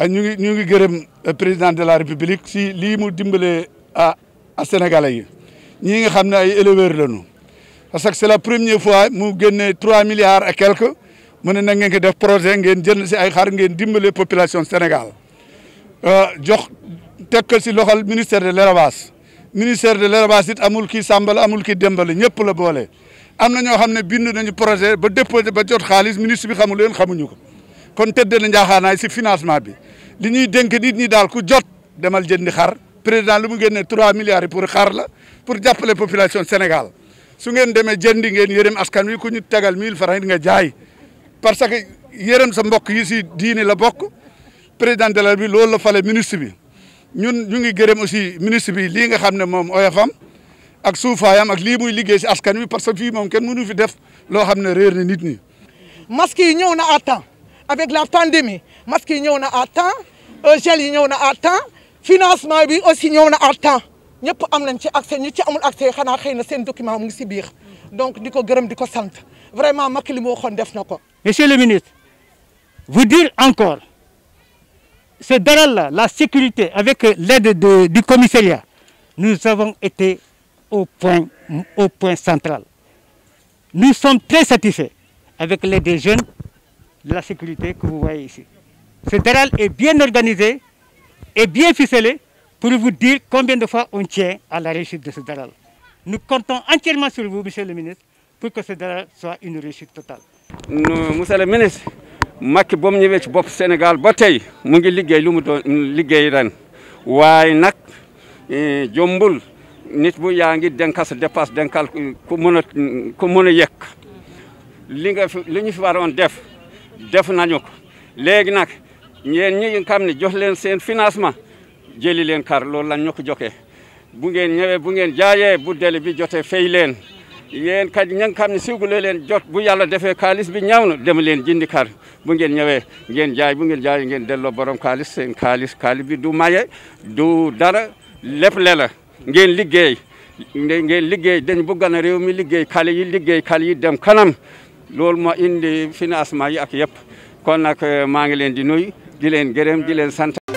Ah, ñu ngi ñu ngi gërëm eh, président de la république si lii mu dimbalee à ah, à ah, sénégalais yi ñii nga xam ne ay éleveurs lañu parce que c'est la premier fois mu génnee trois milliards a quelques mu ne na ngeen ko def projet ngeen jënd si ay xar ngeen dimbale population Sénégal jox tekkal si loxol ministère de l'élevage ministère de l'élevage it amul kii sambal amul kii dembale ñëpp la boole am na ñoo xam ne bind nañu projet ba déposé ba jot xaalis ministre bi xamu leen xamuñu ko kon tëdd na njaaxaanaay si financement bi li ñuy dénk nit ñi daal ku jot demal jëndi xar président lu mu génne trois milliards yi pour xar la pour jàppale population Sénégal su ngeen demee jëndi ngeen yërëm askan wi ku ñu tegal mille francs nga jaay parce que yërëm sa mbokk yi si diini la bokk président de bi loolu la fale ministre bi ñun ñu ngi gërëm aussi ministre bi lii nga xam ne moom oyofam ak suufaayam ak lii muy liggéey si askan wi parce que fii moom kenn mënu fi def loo xam ne réer na nit ñi. masque yi ñëw na à temps avec la pandémie masque ñëw à euh, gel financement aussi ñëw à temps accès accès donc nous vraiment Macky li de faire. monsieur le ministre vous dire encore ce daral là la sécurité avec euh, l'aide du commissariat nous avons été au point au point central nous sommes très satisfaits avec l'aide des jeunes de la sécurité que vous voyez ici. Ce DERAL est bien organisé et bien ficelé pour vous dire combien de fois on tient à la réussite de ce DERAL. Nous comptons entièrement sur vous, monsieur le ministre, pour que ce DERAL soit une réussite totale. monsieur le ministre, Macky bom mu ci bop Sénégal ba tey mu ngi liggéey lu mu doon liggéey Sénégal, waaye nak eh, jombul nit bu yaa ngi de dépasse denkal ku mën ku mën li nga fi def def nañu ko léegi nag ñeen ñi nga xam ne jox leen seen financement jëli leen kar loolu lan ñu ko jokkee bu ngeen ñëwee bu ngeen jaayee bu dele bi jotee fay leen yéen kat ña nga xam ne sugule leen jot bu yàlla defee kaalis bi ñaaw na dem leen jindi kar bu ngeen ñëwee ngeen jaay bu ngeen jaay ngeen delloo borom kaalis seen kaalis kaalis bi du maye du dara lépp le la ngeen liggéey ngeen liggéey dañ bëgg na réew mi liggéey kale yi liggéey kale yi dem kanam loolu moo indi financement yi ak yëpp kon nag maa ngi leen di nuyu di leen gërëm di leen sant.